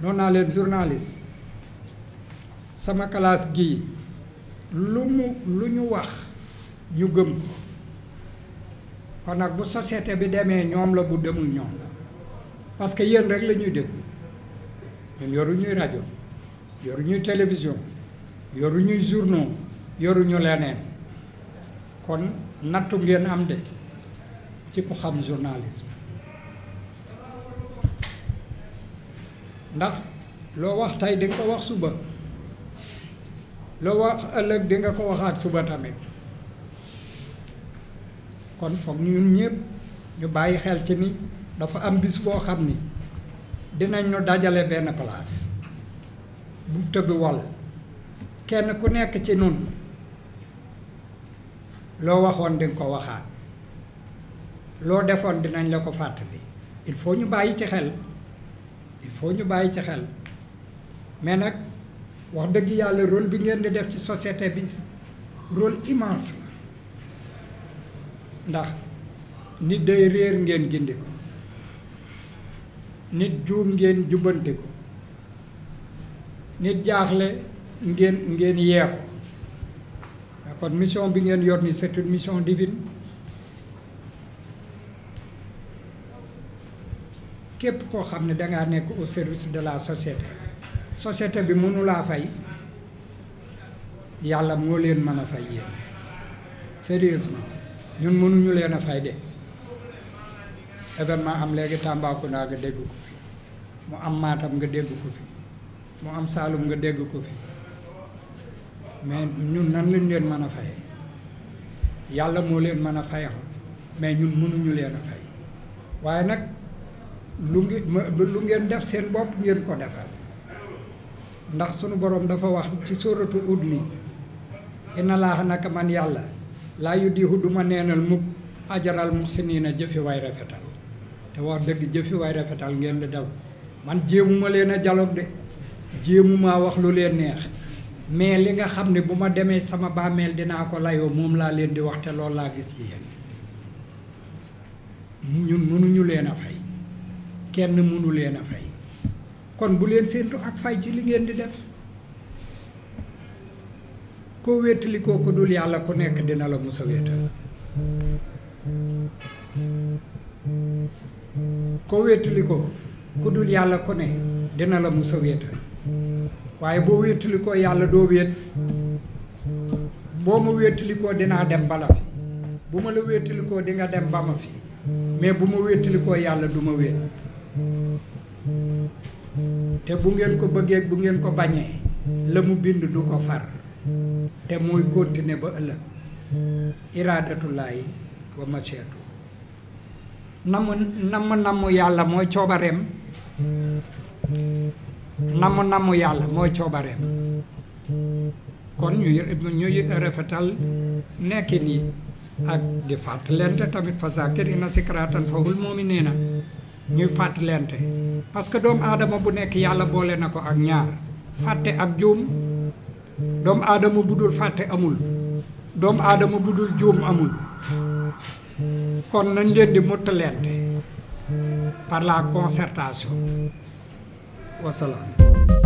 noon naa leen journaliste sama kalaas gii lu mu lu ñu wax ñu gëm ko kon nag bu société bi demee ñoom la bu demul ñoom la parce que yéen rek la ñuy déglu ñun yoru ñuy rajo yoru ñuy télévision yoru ñuy journaux yoru ñu leneen kon nattu ngeen am de ci ku xam journalisme ndax loo wax tey di ko wax suba loo wax ëllëg di nga ko waxaat suba tamit kon foog ñun ñëpp ñu bàyyi xel ci ni dafa am bis boo xam ni dinañ ñu dajale benn palaas buuf bi wal kenn ku nekk ci nun loo waxoon di ko waxaat loo defoon dinañ la ko fàttali il faut ñu bàyyi ci xel il faut ñu bàyyi ci xel mais nag wax dëgg yàlla rôle bi ngeen di def ci société bi rôle immense la ndax nit day réer ngeen gindi ko nit juum ngeen jubbante ko nit jaaxle ngeen ngeen yee ko kon mission bi ngeen yor ni c'est une mission divine képp koo xam ne dangaa nekk au service de la société société bi munu laa fay yàlla moo leen mën a fay yéen sérieusement ñun mënuñu leen a fay de événement am léegi naa nga dégg ko fi mu am maatam nga dégg ko fii mu am Saalum nga dégg ko fi mais ñun nan lañ leen mën a fay yàlla moo leen mën a fayam mais ñun mënuñu leen a fay waaye nag lu ngi lu ngeen def seen bopp ngeen ko defal ndax sunu borom dafa wax ci suratu ut ni inna laaha naka man yàlla laa yu diixu duma neenal mukk ajaral muxsiniina jëfi waay rafetal te rafetal ngeen daw man jéemuma leen a dialogue de jéemumaa wax lu leen neex mais li nga xam sama bàmmeel dinaa ko layoo moom laa leen di wax te loolu gis ci ñun fay kenn mënu leen a fay kon bu leen séentu ak fay ci li ngeen di def koo wéetali koo ko dul yàlla ku nekk dina la mu wéetal koo wéetali ko ku yàlla ku ne dina la musa wéetal waaye boo wéetali koo yàlla doo wéet boo ma wéetali koo dinaa dem bala fi bu ma la wéetali koo di nga dem ba fi mais bu ma wéetali yàlla du ma wéet te bu ngeen ko bëggee bu ngeen ko bañee la mu bind du ko far te mooy continuer ba ëllëg iraadatullaahi wa masiatu namu namu namu yàlla mooy coobareem namu namu yàlla mooy coobareem kon ñuy ñuy rafetal nekkin yi ak di fàttalente tamit fa zaakir ina sikratan fahul muminina ñuy fàttalente parce que doomu aadama bu nekk yàlla boole na ko ak ñaar fàtte ak juum doomu aadama bu dul fàtte amul doomu aadama bu dul juum amul kon nañ leen di mottalente par la consertation wasalaam